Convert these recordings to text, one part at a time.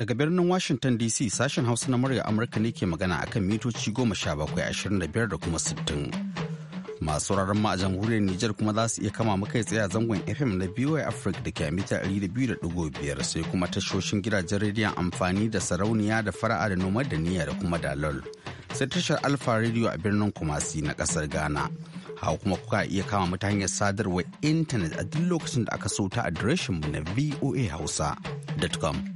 Daga birnin Washington DC sashen Hausa na murya Amurka ne ke magana akan mitoci goma sha bakwai ashirin da biyar da kuma sittin. Masu rarar ma a jamhuriyar Nijar kuma za su iya kama muka yi tsaye a zangon FM na BY Africa da ke a mita ɗari da biyu da ɗigo biyar sai kuma tashoshin gidajen rediyon amfani da sarauniya da fara'a da noma da niyya da kuma dalol. Sai tashar Alfa Radio a birnin Kumasi na ƙasar Ghana. hawa kuma kuka iya kama mu ta hanyar sadarwar intanet a duk lokacin da aka so ta mu na voa voahausa.com.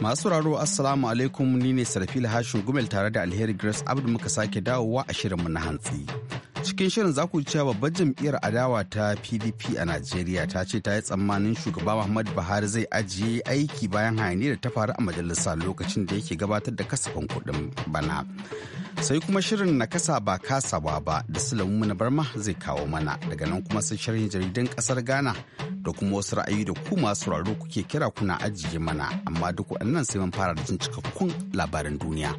Masu raro Assalamu alaikum ni ne Sarfil Hashin Gumel tare da Alheri Grace Abdu muka sake dawowa a shirin mu na hantsi. Cikin shirin za ku cewa babbar jam'iyyar adawa ta PDP a Najeriya ta ce ta yi tsammanin shugaba Muhammadu Buhari zai ajiye aiki bayan hayaniyar da ta faru a majalisa lokacin da yake gabatar da kasafin kuɗin bana. Sai kuma shirin na kasa ba kasawa ba da Sulaimu na Barma zai kawo mana daga nan kuma sai shirin jaridan ƙasar Ghana da kuma wasu ra'ayi da ku masu raro kuke kira kuna ajiye mana amma duk waɗannan sai mun fara da jin cikakkun labaran duniya.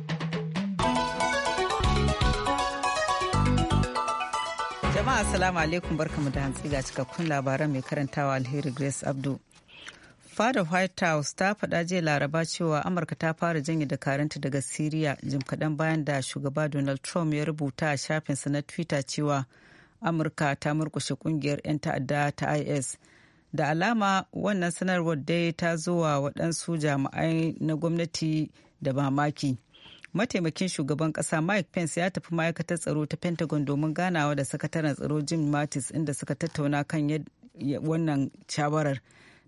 Jama'a salamu alaikum barkamu da hantsi ga cikakkun labaran mai karantawa alheri Grace Abdu. fada white house ta faɗa jiya laraba cewa amurka ta fara janye dakaranta daga siriya jim kaɗan bayan da shugaba donald trump ya rubuta a shafinsa na twitter cewa amurka ta murkushe kungiyar 'yan ta'adda ta is da alama wannan sanarwar dai ta zuwa waɗansu jami'ai na gwamnati da mamaki mataimakin shugaban ƙasa mike pence ya tafi ma'aikatar tsaro ta pentagon domin ganawa da sakataren tsaro jim mattis inda suka tattauna kan wannan shawarar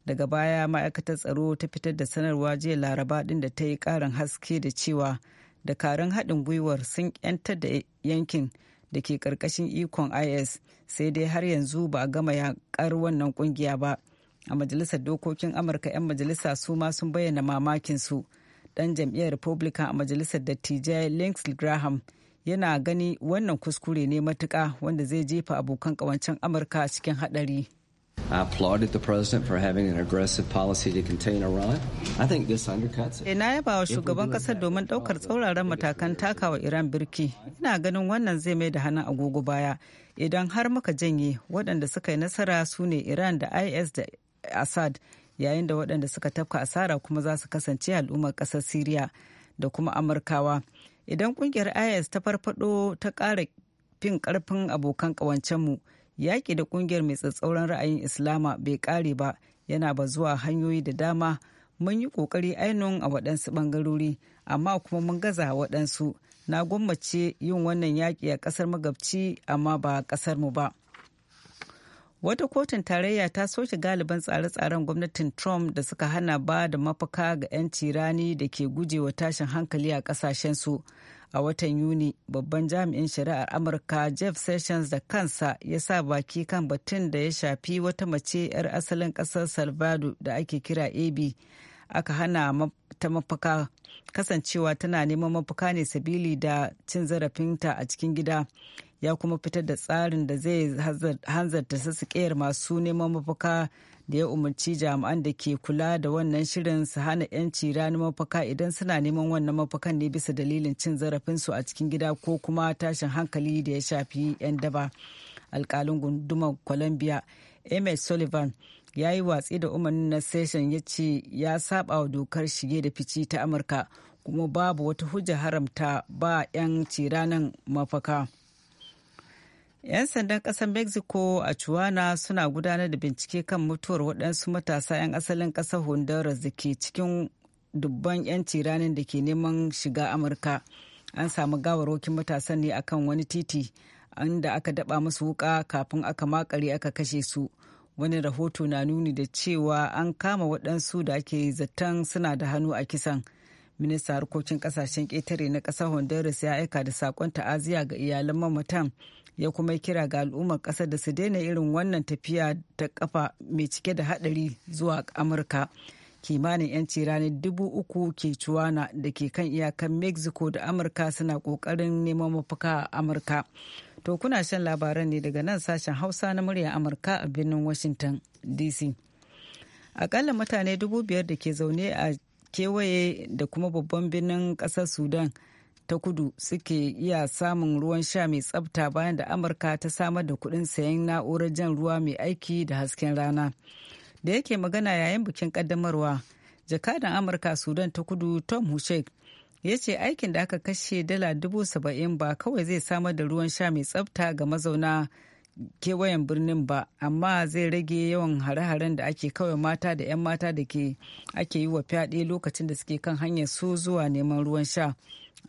daga baya ma'aikatar tsaro ta fitar da sanarwa jiya laraba din da ta yi karin haske da cewa dakarun haɗin gwiwar sun 'yantar da yankin da ke ƙarƙashin ikon is sai dai har yanzu ba a gama yaƙar wannan ƙungiya ba a majalisar dokokin amurka 'yan majalisa su ma sun bayyana mamakin su ɗan jam'iyyar republican a majalisar dattijai links graham yana gani wannan kuskure ne matuka wanda zai jefa abokan ƙawancen amurka cikin haɗari. I applauded the president for having an aggressive policy to contain Iran. I think this undercuts it. Na yaba wa shugaban kasar domin daukar tsauraran matakan takawa Iran birki. Ina ganin wannan zai mai da hannun agogo baya. Idan har muka janye waɗanda suka yi nasara su ne Iran da IS da Assad yayin da waɗanda suka tafka asara kuma za su kasance al'ummar ƙasar Siriya da kuma Amurkawa. Idan ƙungiyar IS ta farfado ta ƙara fin ƙarfin abokan ƙawancenmu mu yaƙi da ƙungiyar mai tsatsauran ra'ayin islama bai ƙare ba yana ba zuwa hanyoyi da dama mun yi ƙoƙari ainihin a waɗansu ɓangarori amma kuma mun gaza waɗansu na gwammace yin wannan yaƙi a ƙasar magabci amma ba ƙasar mu ba wata kotun tarayya ta soke galiban tsare-tsaren gwamnatin trump da suka hana ba da mafaka ga 'yan tirani da ke guje wa tashin hankali a kasashensu a watan yuni babban jami'in shari'ar amurka jeff sessions da kansa ya sa baki kan batun da ya shafi wata mace 'yar asalin kasar salvador da ake kira ab aka hana ta mafaka kasancewa tana neman mafaka ne sabili da cin zarafinta a cikin gida. ya kuma fitar da tsarin da zai hanzarta sassaƙiyar masu neman mafaka da ya umarci jami'an da ke kula da wannan shirin su hana 'yanci ranar mafaka idan suna neman wannan mafakan ne bisa dalilin cin zarafinsu a cikin gida ko kuma tashin hankali da ya shafi 'yan daba alkalin gundumar columbia ms sullivan ya yi watsi da umarnin na session ya ce ya saba wa dokar shige da fici ta amurka kuma babu wata hujja haramta ba 'yan ciranan mafaka. 'Yan sandan ƙasar Mexico a Chuana suna gudanar da bincike kan mutuwar waɗansu matasa 'yan asalin ƙasar Honduras da ke cikin dubban 'yanci ranar da ke neman shiga Amurka. An samu gawarwakin matasan ne akan wani titi inda aka daba musu wuka kafin aka makare aka kashe su. Wani rahoto na nuni da cewa an kama waɗansu da ake zaton suna da hannu a kisan. Minista harkokin ƙasashen ƙetare na ƙasar Honduras ya aika da saƙon ta'aziya ga iyalan mamatan. ya kuma kira ga al'ummar kasar da su daina irin wannan tafiya ta kafa mai cike da haɗari zuwa amurka kimanin 'yanci ranar dubu uku ke cuwana da ke kan iyakan mexico da amurka suna kokarin neman mafuka a amurka to kuna shan labaran ne daga nan sashen hausa na murya amurka a birnin washington dc akalla mutane dubu biyar da ke zaune a kewaye da kuma babban birnin ƙasar sudan ta kudu suke iya samun ruwan sha mai tsabta bayan da amurka ta samar da kuɗin sayan na'urar jan ruwa mai aiki da hasken rana da yake magana yayin bikin kaddamarwa jakadan amurka sudan ta kudu tom hushek ya ce aikin da aka kashe dala dubu saba'in ba kawai zai samar da ruwan sha mai tsabta ga mazauna kewayen birnin ba amma zai rage yawan hare-haren da ake kawai mata da 'yan mata da ke ake yi wa fyaɗe lokacin da suke kan hanyar su zuwa neman ruwan sha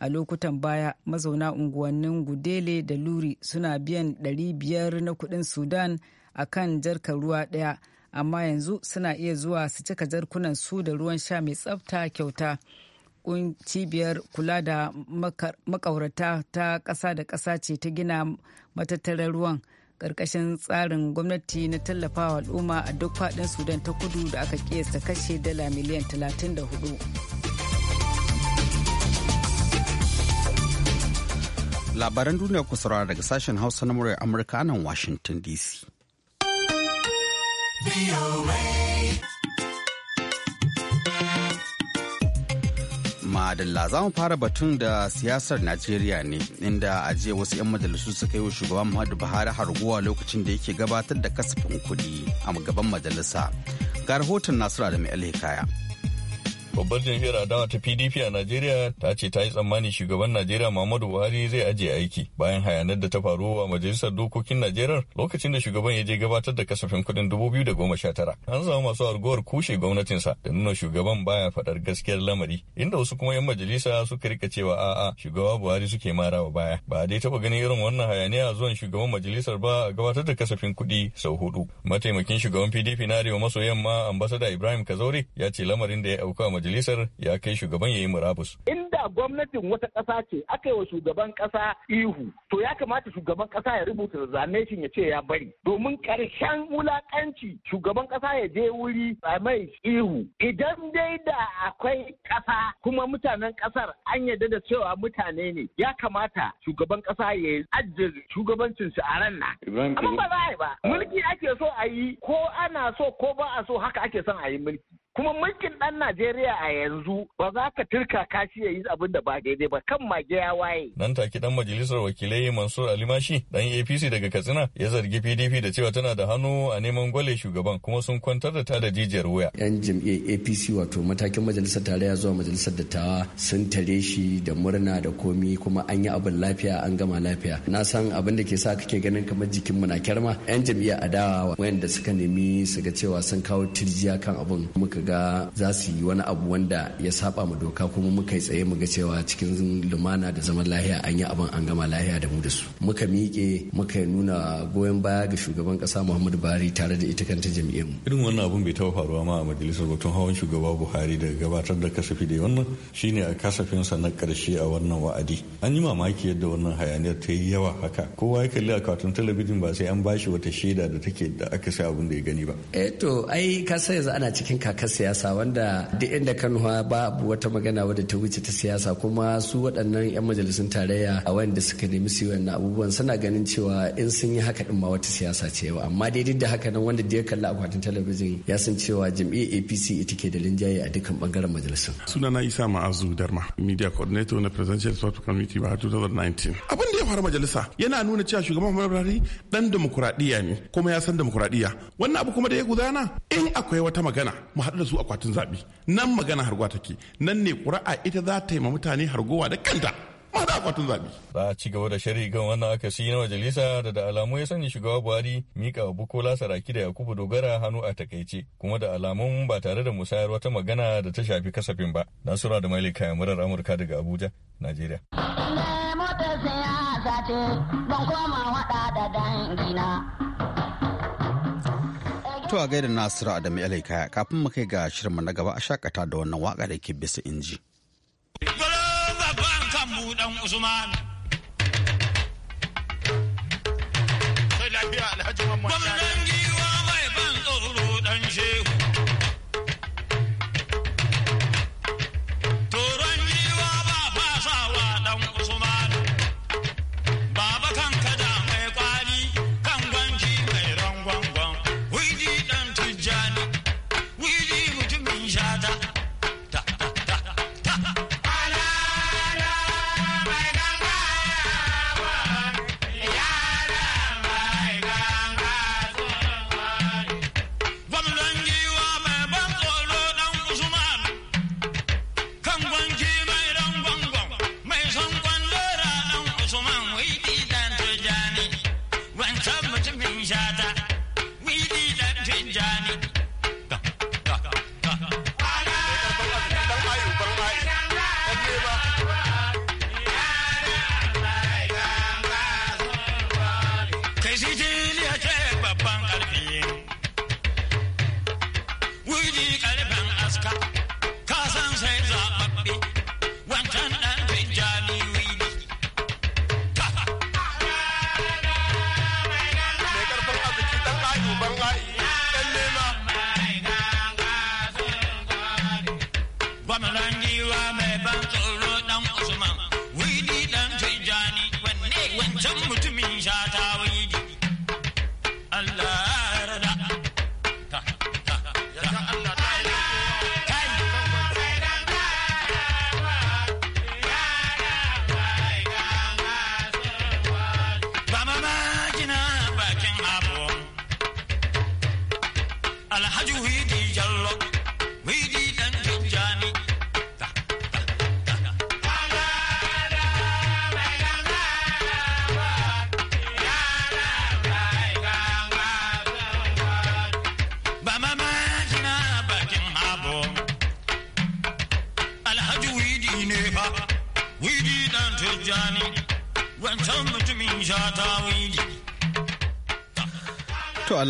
a lokutan baya mazauna unguwannin gudele da luri suna biyan 500 na kudin sudan a kan jarkar ruwa daya amma yanzu suna iya zuwa su cika jarkunan su da ruwan sha mai tsafta kyauta cibiyar kula da makaurata ta ƙasa da ƙasa ce ta gina matattarar ruwan ƙarƙashin tsarin gwamnati na tallafawa al'umma a duk faɗin sudan ta kudu da aka kiyasta kashe dala miliyan 34 Labaran duniya ku saurara daga sashen Hausa na muryar Amurka nan Washington DC. Madalla za mu fara batun da siyasar Najeriya ne inda a jiya wasu 'yan majalisu suka yi wa shugaban Muhammadu Buhari harguwa lokacin da yake gabatar da kasafin kuɗi a gaban majalisa. Ga rahoton Nasiru Adamu mai kaya. Babbar jam'iyyar adawa ta PDP a Najeriya ta ce ta yi tsammani shugaban Najeriya Muhammadu Buhari zai ajiye aiki bayan hayanar da ta faru a majalisar dokokin Najeriya lokacin da shugaban ya je gabatar da kasafin kuɗin 2019. An samu masu arguwar kushe gwamnatinsa da nuna shugaban baya faɗar gaskiyar lamari inda wasu kuma 'yan majalisa suka rika cewa a'a shugaba Buhari suke mara wa baya. Ba dai taɓa ganin irin wannan hayaniya a zuwan shugaban majalisar ba a gabatar da kasafin kuɗi sau hudu. Mataimakin shugaban PDP na Arewa maso yamma ambasada Ibrahim Kazaure ya ce lamarin da ya auka majalisar ya kai shugaban ya yi murabus. Inda gwamnatin wata ƙasa ce aka yi wa shugaban ƙasa ihu to ya kamata shugaban ƙasa ya rubuta zanation ya ce ya bari domin ƙarshen wulaƙanci shugaban ƙasa ya je wuri a mai ihu idan dai da akwai ƙasa kuma mutanen ƙasar an yarda da cewa mutane ne ya kamata shugaban ƙasa ya ajiye shugabancin su a ran na. Amma ba za a yi ba mulki ake so a yi ko ana so ko ba a so haka ake son a yi mulki. kuma mulkin ɗan Najeriya a yanzu ba za ka turka kashi ya yi abin da ba daidai ba kan mage ya waye. Nan take dan majalisar wakilai Mansur Alimashi dan APC daga Katsina ya zargi PDP da cewa tana da hannu a neman gwale shugaban kuma sun kwantar da ta da jijiyar wuya. Yan jam'iyyar APC wato matakin majalisar tarayya zuwa majalisar dattawa sun tare shi da murna da komi kuma an yi abin lafiya an gama lafiya. Na san abin da ke sa kake ganin kamar jikin mu na kyarma yan jam'iyyar adawa wayanda suka nemi su ga cewa sun kawo tirjiya kan abin muka ga za su yi wani abu wanda ya saba mu doka kuma muka yi tsaye ga cewa cikin lumana da zaman lahiya an yi abin an gama lahiya da mu da su muka miƙe muka nuna goyon baya ga shugaban ƙasa muhammadu buhari tare da ita kanta jam'iyyar mu irin wannan abun bai taɓa faruwa ma a majalisar batun hawan shugaba buhari da gabatar da kasafi da wannan shine a kasafinsa na ƙarshe a wannan wa'adi an yi mamaki yadda wannan hayaniyar ta yi yawa haka kowa ya kalli akwatin talabijin ba sai an bashi wata shaida da take da aka sai abin da ya gani ba eh to ai ka sai yanzu ana cikin kakas siyasa wanda duk inda babu wata magana wadda ta wuce ta siyasa kuma su waɗannan 'yan majalisun tarayya a wanda suka nemi su wannan abubuwan suna ganin cewa in sun yi haka din ma wata siyasa ce amma daidai da haka nan wanda da ya kalli akwatin talabijin ya san cewa jam'iyyar apc ita ke da linjaye a dukkan bangaren majalisun. sunana isa ma'azu darma media coordinator na presidential sport committee ba 2019 abin da ya faru majalisa yana nuna cewa shugaban muhammadu dan demokuraɗiyya ne kuma ya san demokuraɗiyya wannan abu kuma da ya gudana in akwai wata magana mu haɗu da su akwatin zaɓe nan magana harguwa take nan ne ƙuri'a ita za ta yi ma mutane harguwa da kanta ma da akwatin zaɓe. Ba a ci gaba da shari'a kan wannan akasi na majalisa da da alamu ya sanya shugaba buhari mika wa bukola saraki da yakubu dogara hannu a takaice kuma da alamun ba tare da musayar wata magana da ta shafi kasafin ba nasura da maili kayan murar amurka daga abuja najeriya. ne motar siyasa ce ban koma da dangina To a gaida Nasiru Adamu Yalai kaya kafin mu kai ga shirinmu na gaba a shakata da wannan waka da ke bisa inji. Gwamnan giwa mai ban tsoro dan shehu. tijjani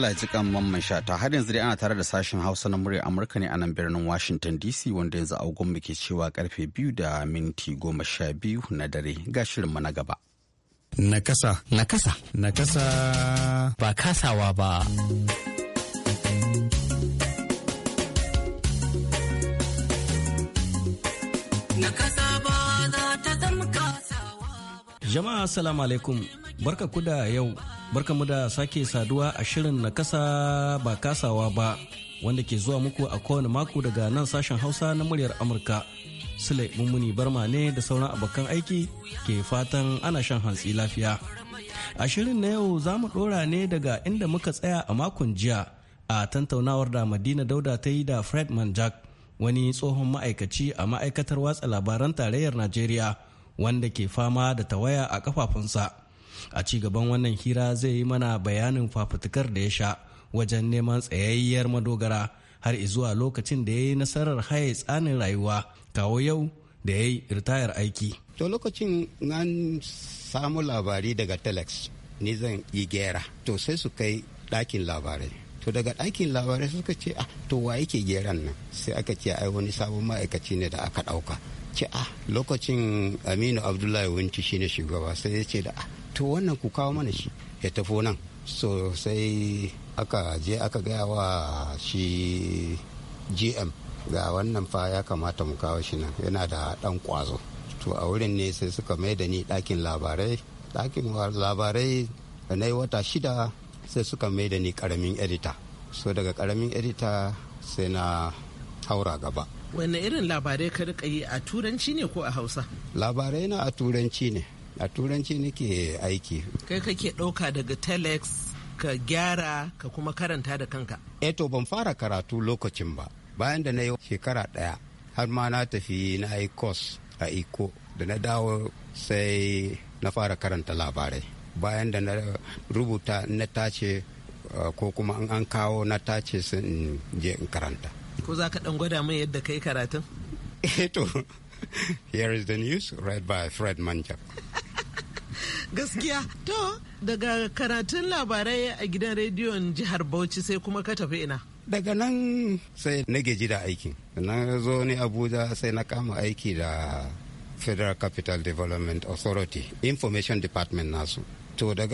Allah jikan ji kan mamman shata har yanzu dai ana tare da sashen Hausa na murya Amurka ne a nan birnin Washington DC wanda yanzu agon muke cewa karfe biyu da minti goma sha na dare ga shirinmu na gaba. Nakasa. Nakasa. Nakasa. Ba kasawa ba. Jama'a salamu alaikum barka ku da yau mu da sake saduwa a shirin na kasa ba kasawa ba wanda ke zuwa muku a kowane mako daga nan sashen hausa na muryar amurka sule mummuni barma ne da sauran abokan aiki ke fatan ana shan hantsi lafiya a shirin na yau za mu dora ne daga inda muka tsaya a makon jiya a tantaunawar da madina dauda ta yi da fred manjak wani tsohon ma'aikaci a ma'aikatar watsa labaran tarayyar najeriya wanda ke fama da tawaya a kafafunsa a ci gaban wannan hira zai yi mana bayanin fafutukar da ya sha wajen neman tsayayyar madogara har zuwa lokacin da ya yi nasarar haye tsanin rayuwa kawo yau da ya yi ritayar aiki. To lokacin an samu labari daga telex ni zan yi gera to sai su kai ɗakin labarai to daga ɗakin labarai suka ce ah to wa yake geran nan sai aka ce ai wani sabon ma'aikaci ne da aka ɗauka ce ah lokacin aminu abdullahi wunci shine shugaba sai ya ce da ah to wannan ku kawo mana shi ya tafo nan so sai aka je aka gaya wa shi gm ga wannan fa ya kamata mu kawo shi nan yana da dan kwazo to a wurin ne sai suka mai da ni ɗakin labarai ɗakin labarai da na yi wata shida sai suka mai da ni karamin edita so daga karamin edita sai na haura gaba wanne irin labarai ka rika yi a turanci ne ko a hausa labarai na a turanci ne a turanci nake aiki kai kake ɗauka daga telex ka gyara ka kuma karanta da kanka eto eh ban fara karatu lokacin ba bayan da na yi shekara ɗaya har ma na tafi na yi kos a iko da na dawo sai na fara karanta labarai bayan da na rubuta na tace eh, ko kuma an kawo na tace sun je in karanta ko za ka ɗan gwada mai yadda ka yi karatun eto eh here is the news read by fred manjak gaskiya to daga karatun labarai a gidan rediyon jihar bauchi sai kuma ka tafi ina daga nan sai na gaji da aiki na zo ni abuja sai na kama aiki da federal capital development authority information department nasu to da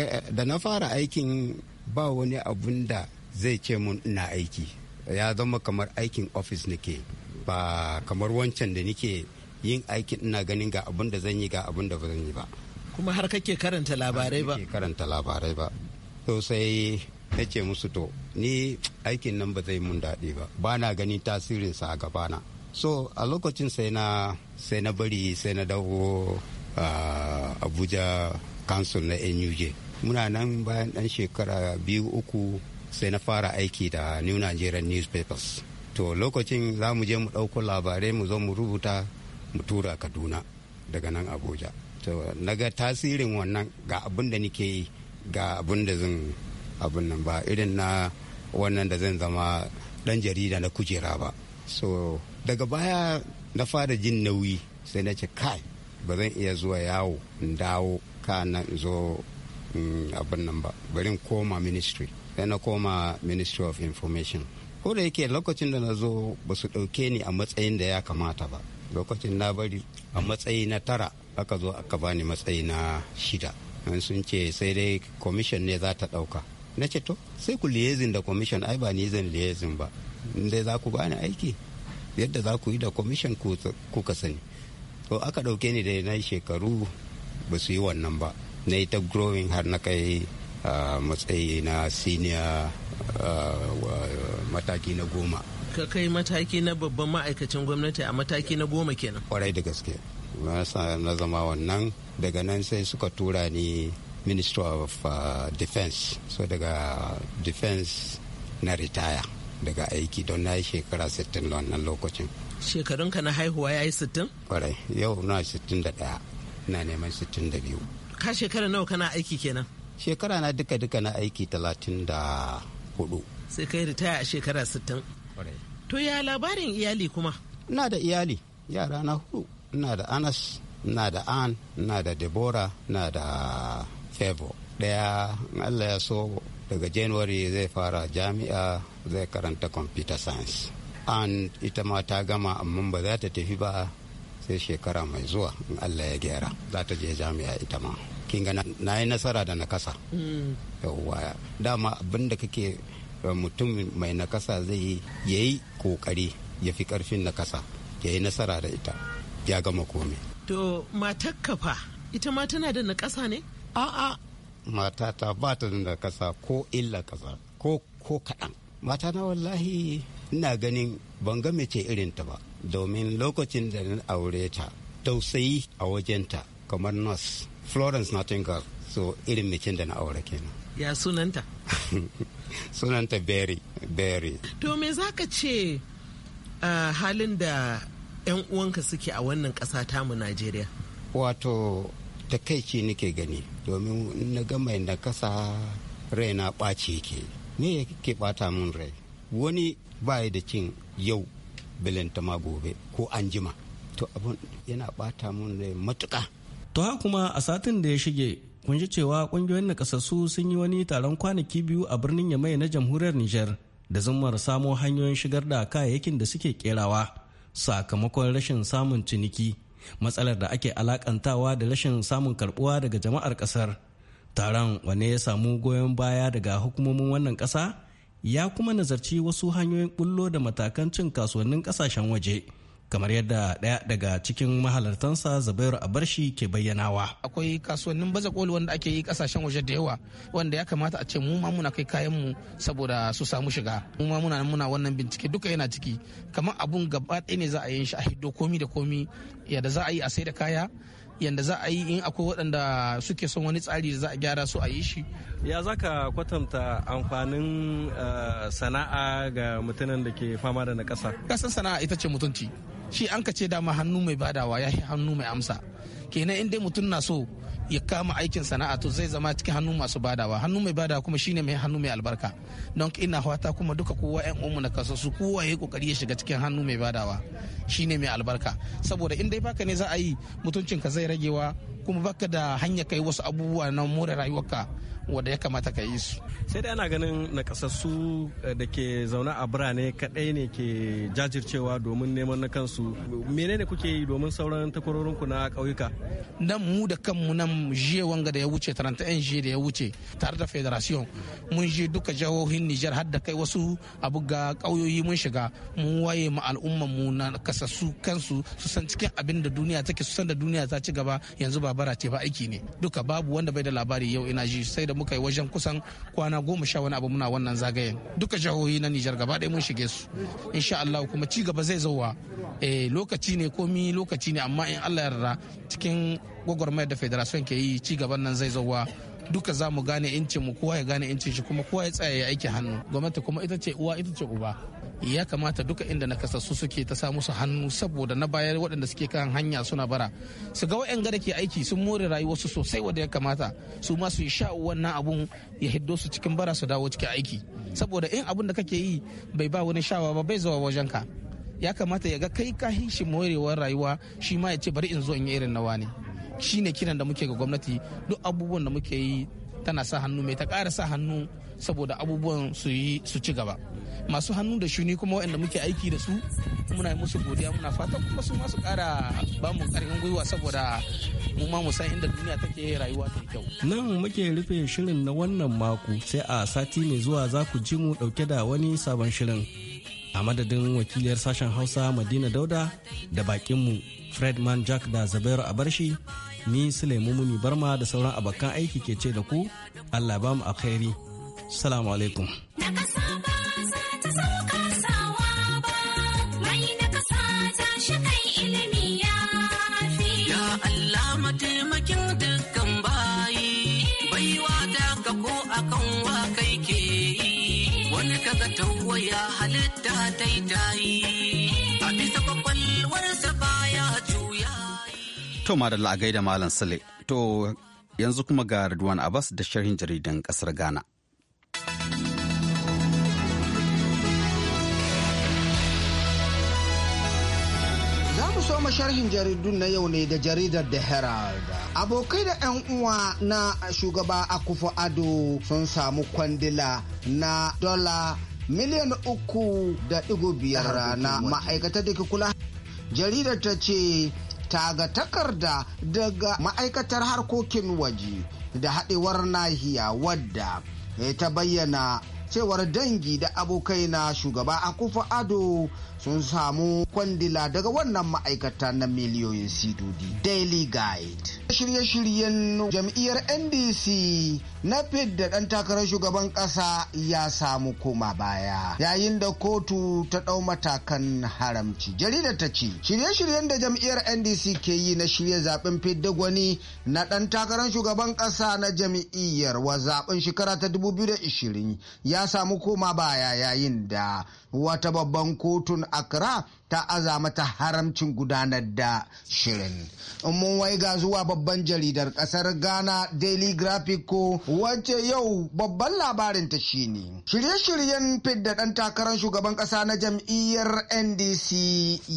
na fara aikin ba wani abun da zai ce mun ina aiki ya zama kamar aikin office nake ba kamar wancan da nake yin aikin ina ganin ga abun da zan yi ga abun da ba zan yi ba kuma har kake karanta labarai ba karanta labarai ba to sai nace musu to ni aikin nan ba zai mun daɗi ba ba na ganin sa a na so a lokacin sai na sai na bari sai na dawo abuja council na nuj muna nan bayan ɗan shekara biyu uku sai na fara aiki da new nigerian newspapers to lokacin za mu je mu ɗauko labarai mu zo mu rubuta mu tura kaduna daga nan abuja to naga tasirin wannan ga abin da nike yi ga abin da zan abin nan ba irin na wannan da zan zama dan jarida na kujera ba so daga baya na fara jin nauyi sai na ce kai ba zan iya zuwa yawo in dawo ka na zo mm, abin nan ba bari koma ministry sai na koma ministry of information ko da yake lokacin da na zo ba su ɗauke ni a matsayin da ya kamata ba lokacin na bari a matsayi na tara aka zo aka bani matsayi na shida an sun ce sai dai commission ne za ta ɗauka na ce to sai ku liyezin da commission ai ba ni zan liyezin ba dai za ku bani aiki yadda za ku yi da commission kuka sani to aka ɗauke ni da na shekaru ba su yi wannan ba na yi ta growing har na kai matsayi na senior mataki na goma ka kai mataki na babban ma'aikacin gwamnati a mataki na goma kenan kwarai da gaske na zama wannan daga nan sai suka tura ni ministry of uh, defense so daga defense na ritaya daga aiki don na yi shekara 60 wannan lokacin shekarunka na haihuwa ya yi 60? kwarai yau na 61 na neman 62 ka shekara nawa kana aiki kenan shekara na duka duka na aiki 34 sai kai ritaya a shekara 60 to ya labarin iyali kuma na da iyali yara na hudu ina da anas ina da an ina da debora ina da favor daya allah ya so daga january zai fara jami'a zai karanta computer science an ita ma ta gama amma ba za ta tafi ba sai shekara mai zuwa in allah ya gyara za ta je jami'a ita ma kin na yi nasara da nakasa mm. waya dama abinda kake eh, mutum mai nakasa zai yi ya yi kokari ya fi ƙarfin nakasa ya yi nasara da ita ya gama komai to matakka fa ita ma tana da nakasa ne a'a matata ba ta da nakasa ko illa kasa ko ko kaɗan mata na wallahi ina ganin ban ga mace irin ta ba domin lokacin da na aure ta tausayi a wajenta kamar nurse florence nightingale so irin mace da na aure kenan ya sunanta sunanta berry berry to me za ka ce uh, halin da 'yan uwanka suke a wannan ƙasa tamu najeriya wato ta ce nake gani domin na ga mai nakasa raina ɓaci yake me yake ɓata min rai wani baya da cin yau bilanta ma gobe ko an to abun yana ɓata min rai matuƙa to ha kuma a satin da ya shige kun ji cewa ƙungiyoyin nakasassu sun yi wani taron kwanaki biyu a birnin yamai na jamhuriyar Nijar da zumar samo hanyoyin shigar da kayayyakin da suke kerawa sakamakon rashin samun ciniki matsalar da ake alakantawa da rashin samun karbuwa daga jama'ar kasar taron wane ya samu goyon baya daga hukumomin wannan kasa ya kuma nazarci wasu hanyoyin bullo da matakan cin kasuwannin kasashen waje. kamar yadda ɗaya daga cikin mahalartansa bar shi ke bayyanawa akwai kasuwannin baza koli wanda ake yi kasashen waje da yawa wanda ya kamata a ce mu ma muna kai kayan mu saboda su samu shiga mu ma muna muna wannan bincike duka yana ciki kamar abun gaba ɗaya ne za a yin shi a hiddo komi da komi yadda za a yi a sai da kaya yanda za a yi in akwai waɗanda suke son wani tsari da za a gyara su a yi shi ya za ka kwatanta amfanin eh, sana'a ga mutumin da ke fama da na ƙasa kasan sana'a ita ce mutunci shi an ka ce dama hannu mai badawa ya hannu mai amsa kenan in dai mutum na so ya kama aikin sana'a to zai zama cikin hannu masu badawa hannu mai badawa kuma shine mai hannu mai albarka don ina fata kuma duka kowa yan umu na kaso su kowa ya kokari ya shiga cikin hannu mai badawa shine mai albarka saboda in dai baka ne za a yi mutuncinka zai ragewa kuma baka da hanya kai wasu abubuwa na more rayuwarka wanda ya kamata ka yi su sai da ana ganin nakasassu eh, da ke zaune a birane kadai ne ke jajircewa domin neman na kansu menene kuke yi domin sauran takwarorinku ku na ƙauyuka nan mu da kanmu nan jiye wanga da ya wuce taranta yan jiye da ya wuce tare da federation mun je duka jihohin Nijar har da kai wasu abu ga ƙauyoyi mun shiga mun waye ma al'umman mu na kasassu kansu su san cikin abin da duniya take su san da duniya ta ci gaba yanzu ba bara ce ba aiki ne duka babu wanda bai da labari yau ina ji sai da muka yi wajen kusan kwana goma sha wani abu muna wannan zagayen duka jihohi na Nijar gaba ɗaya mun shige su insha Allah kuma ci gaba zai zauwa eh, lokaci ne komi lokaci ne amma in Allah yarda cikin gwagwarmayar da federation ke yi ci gaban nan zai zauwa duka za mu gane incin mu kowa ya gane incin shi kuma kowa ya tsaya ya aiki hannu gwamnati kuma ita ce uwa ita ce uba ya kamata duka inda na nakasassu suke ta sa musu hannu saboda na baya waɗanda suke kan hanya suna bara su ga wa'yan da ke aiki sun more rayuwarsu sosai wanda ya kamata su ma su sha wannan abun ya hiddo su cikin bara su dawo cikin aiki saboda in abun da kake yi bai ba wani shawa ba bai zuwa wajen ka ya kamata ya ga kai ka shi morewar rayuwa shi ma ya ce bari in zo in yi irin nawa ne shine kiran da muke ga gwamnati duk abubuwan da muke yi tana sa hannu mai ta ƙara sa hannu saboda abubuwan su yi su ci gaba masu hannu da shuni kuma waɗanda muke aiki da su muna musu godiya muna fata kuma su masu kara ba mu ƙarfin gwiwa saboda mu ma mu san inda duniya take rayuwa ta kyau. Nan muke rufe shirin na wannan mako sai a sati mai zuwa za ku ji mu ɗauke da wani sabon shirin. A madadin wakiliyar sashen Hausa Madina Dauda da bakinmu Fredman Jack da Zabairu Abarshi ni Sulaimu Muni Barma da sauran abokan aiki ke ce da ku Allah ba mu alkhairi. Salamu alaikum. To da a gaida Malam Sule. To yanzu kuma ga Radwan Abbas da sharhin jaridan kasar Ghana. Za mu soma sharhin jaridun na yau ne da jaridar Da Herald. Abokai da 'yan uwa na shugaba Akufo Ado sun samu kwandila na dola miliyan uku da digo biyar na ma'aikata da ke kula. Jaridar ta ce takarda daga ma'aikatar harkokin waje da haɗewar nahiya wadda ta bayyana cewar dangi da abokai na shugaba akufa ado sun samu kwandila daga wannan ma'aikata na miliyoyin sidodi daily guide shirye-shiryen jam'iyyar ndc na fid da ɗan takarar shugaban ƙasa ya samu koma baya yayin da kotu ta ɗau matakan haramci jaridar ta ce shirye-shiryen da jam'iyyar ndc ke yi na shirye zaben fid da gwani na ɗan takarar shugaban ƙasa na jam'iyyar wa zaben shekara ta 2020 ya samu koma baya yayin da wata babban kotun accra ta aza mata haramcin gudanar da shirin. mun waiga zuwa babban jaridar kasar ghana daily graphic ko wacce yau babban labarin ta shine shirye-shiryen fidda ɗan takarar shugaban ƙasa na jam'iyyar ndc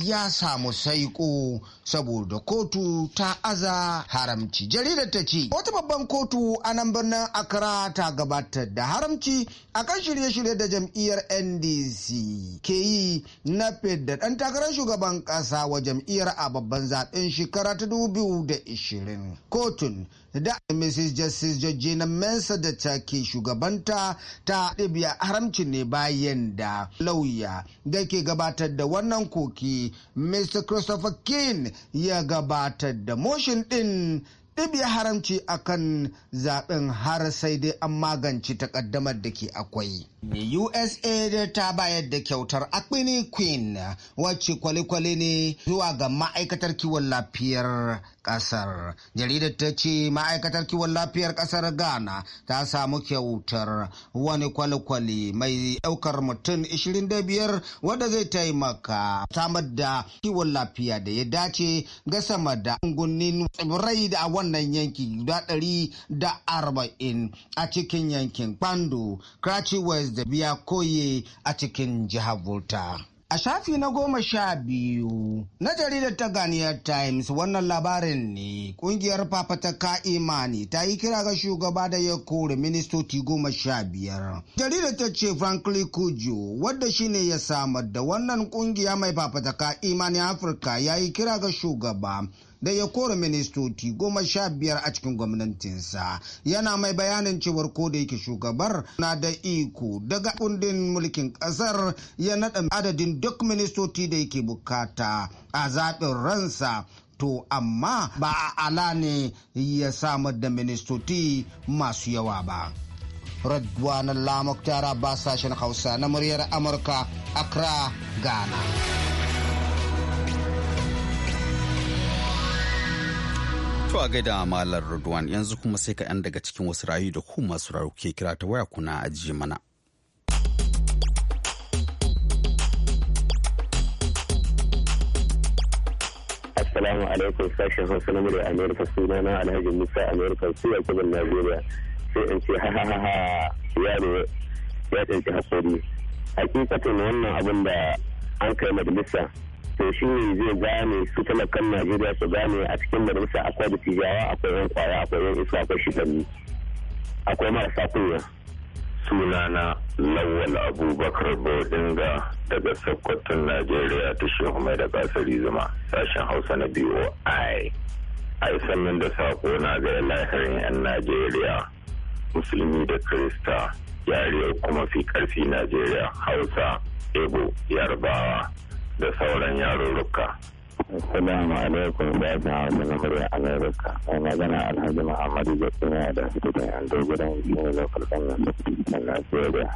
ya samu saiko saboda kotu ta aza haramci jaridar ta ce wata babban kotu a nan birnin accra ta gabatar da haramci akan shirye-shirye da jam'iyyar ndc ke yi na fidda ɗan takarar shugaban Kasa wa jam'iyyar a babban zaɓen shekara ta 2020. Kotun da Mrs. Justice Georgina Mensa da ke shugabanta ta ɗibiya haramci ne bayan da lauya da ke gabatar da wannan koki Mr. Christopher King ya gabatar da motion ɗin ɗibiya haramci akan zaɓen har sai dai an magance takaddamar da ke akwai. usa ta bayar da kyautar akwini queen wacce kwale-kwale ne zuwa ga ma'aikatar kiwon lafiyar kasar jaridar ta ce ma'aikatar kiwon lafiyar kasar ghana ta samu kyautar wani kwale-kwale mai daukar mutum 25 wanda zai taimaka samar da kiwon lafiya da ya dace ga sama da ungunin tsibirai da a wannan yanki guda 140 a cikin yankin kwando krachi west Idris da biya koye a cikin jihar Volta. A shafi na goma sha biyu na jaridar ta Ghanaian Times wannan labarin ne kungiyar fafataka imani ta yi kira ga shugaba da ya kore ministoci goma sha biyar. Jaridar ta ce Franklin Kujo wadda shine ya samar da wannan kungiya mai fafataka imani Afirka ya yi kira ga shugaba da ya kora ministoci goma sha biyar a cikin gwamnatinsa yana mai bayanin cewar ko da yake shugabar na da iko daga kundin mulkin kasar ya naɗa adadin duk ministoci da yake bukata a zaɓin ransa to amma ba a ala ne ya samar da ministoci masu yawa ba. Radwana Lamuk tara ba sashen Hausa na muryar Amurka, Accra, Ghana. To a gaida Malam Rudwan yanzu kuma sai ka 'yan daga cikin wasu rayu da ku masu ke kira ta waya kuna ajiye mana. Assalamu alaikum sashen Hausa na murya Amerika suna na Alhaji Musa Amerika su ya kuma Najeriya sai in ce ha ha ha yaro ya tsinci hakuri. Hakikatin wannan abin da an kai majalisa to shi ne zai gane su talakan najeriya su gane a cikin majalisa akwai da tijawa akwai yan kwaya akwai yan isa akwai shiganni akwai marasa kunya sunana lawal abubakar bodinga daga sokoton najeriya ta shehu da kasari zuma sashen hausa na boi yi sannan da sako na ga lahirin 'yan najeriya musulmi da krista yariyar kuma fi karfi najeriya hausa ebo yarbawa da sauran yarurruka. Assalamu alaikum da ta da na murya Amerika. Mai magana Alhaji Muhammadu da Jatsuna da su da yanzu gudan shi ne lokal gwamnan da cikin Najeriya.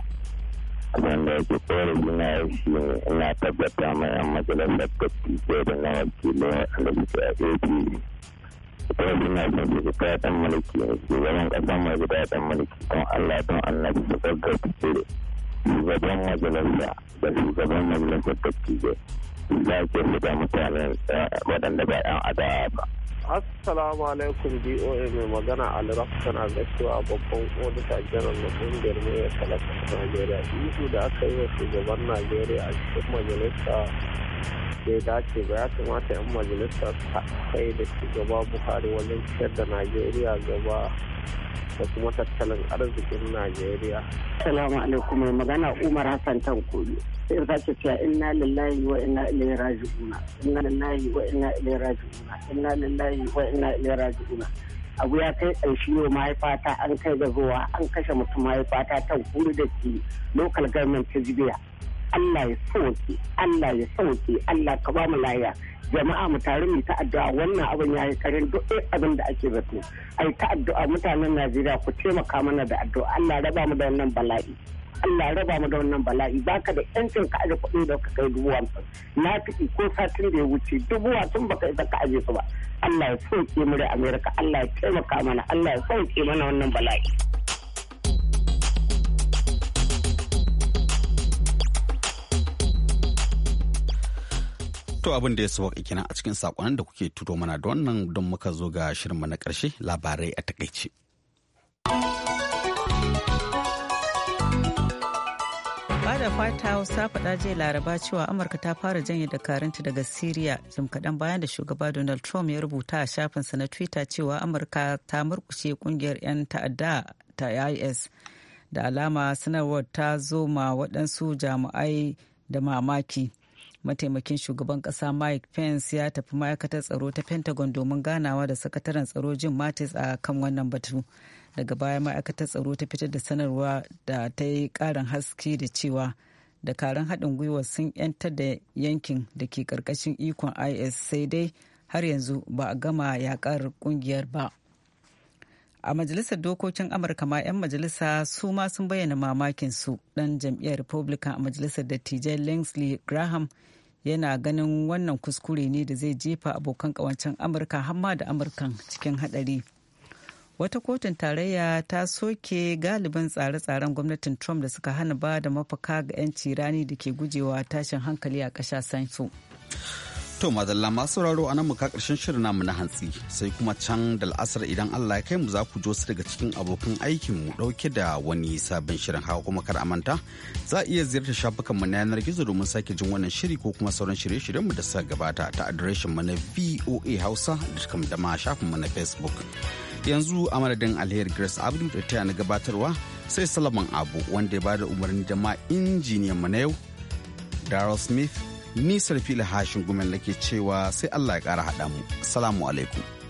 Abin da yake kore gina ya shi ne ina tabbata ma yan majalisar dattijai da na wakilai da ya suke a APC. E. Ita da suna son su fita ɗan mulki ne, shugaban ƙasa mai guda ɗan mulki don Allah don annabi su gaggauta cire. shugaban majalisa da da shugaban majalisar da za ke su da mutanen eh, waɗanda ba 'yan adawa ba. Assalamu alaikum BOA mai magana Ali Rafsan Agashiwa babban odita jiran na kungiyar mai talakar Najeriya. Ihu da aka yi wa shugaban Najeriya a cikin majalisa bai dace ba ya kamata 'yan majalisa ta haɗa kai da shugaba Buhari wajen ciyar da Najeriya gaba da kuma tattalin arzikin Najeriya. Salamu alaikum mai magana Umar Hassan Tankoli. Sai za ki cewa inna lillahi wa inna ilaihi raji'una. Inna lillahi wa inna ilaihi raji'una. Inna lillahi wa inna ilaihi raji'una. Abu ya kai ƙarshe yau mahaifata an kai da zuwa an kashe mutum mahaifata ta kuri da ke lokal government ta jibiya. Allah ya sauke, Allah ya sauke, Allah ka ba mu lafiya. jama'a mu tare mu ta addu'a wannan abin ya yi karin duk abin da ake zato ai ta addu'a mutanen najeriya ku taimaka mana da addu'a allah raba mu da wannan bala'i Allah raba mu da wannan bala'i baka da yancin ka aje kuɗin da ka kai dubu hamsin na fiɗi ko satin da ya wuce dubu hamsin baka isa ka aje su ba Allah ya sauke mu da Amerika Allah ya taimaka mana Allah ya sauke mana wannan bala'i. To abin da ya sauka kenan a cikin sakonnin da kuke turo mana da wannan don muka zo ga shirinmu na ƙarshe labarai a takaice. da fata hausa faɗa jiya laraba cewa amurka ta fara janye dakarunta daga syria jim kaɗan bayan da shugaba donald trump ya rubuta a shafinsa na twitter cewa amurka ta murkushe kungiyar 'yan ta'adda ta is da alama sanarwar ta zo ma waɗansu jami'ai da mamaki mataimakin shugaban kasa mike pence ya tafi ma'aikatar tsaro ta pentagon domin ganawa da sakataren tsaro jim mattis a kan wannan batu daga baya ma'aikatar tsaro ta fitar da sanarwa da ta yi karin haske da cewa dakarun haɗin gwiwa sun 'yantar da yankin da ke ƙarƙashin ikon is sai dai har yanzu ba a gama yakar ƙungiyar ba a majalisar dokokin amurka ma 'yan majalisa su ma sun bayyana mamakin su ɗan jam'iyyar republican a majalisar dattijai linsley graham yana ganin wannan kuskure ne da zai jefa abokan kawancin amurka hamma da amurkan cikin hadari wata kotun tarayya ta soke galibin tsare-tsaren gwamnatin trump da suka hana ba da mafaka ga 'yanci rani da ke gujewa tashin hankali a kasashen su To mazalla masu sauraro anan muka karshen shirin namu na hantsi sai kuma can da la'asar idan Allah ya kai mu za ku jo su daga cikin abokan aikin mu dauke da wani sabon shirin haka kuma kar a manta za a iya ziyartar shafukan mu na yanar gizo domin sake jin wannan shiri ko kuma sauran shirye-shiryen mu da suka gabata ta adireshin mu na voahausa.com da ma shafin mu na Facebook. Yanzu a madadin Alheri Grace Abdu da ta na gabatarwa sai Salaman Abu wanda ya bada umarni da ma injiniyan mu na yau Daryl Smith Nisar fili hashin gumen nake cewa sai Allah ya ƙara haɗa mu. Salamu alaikum.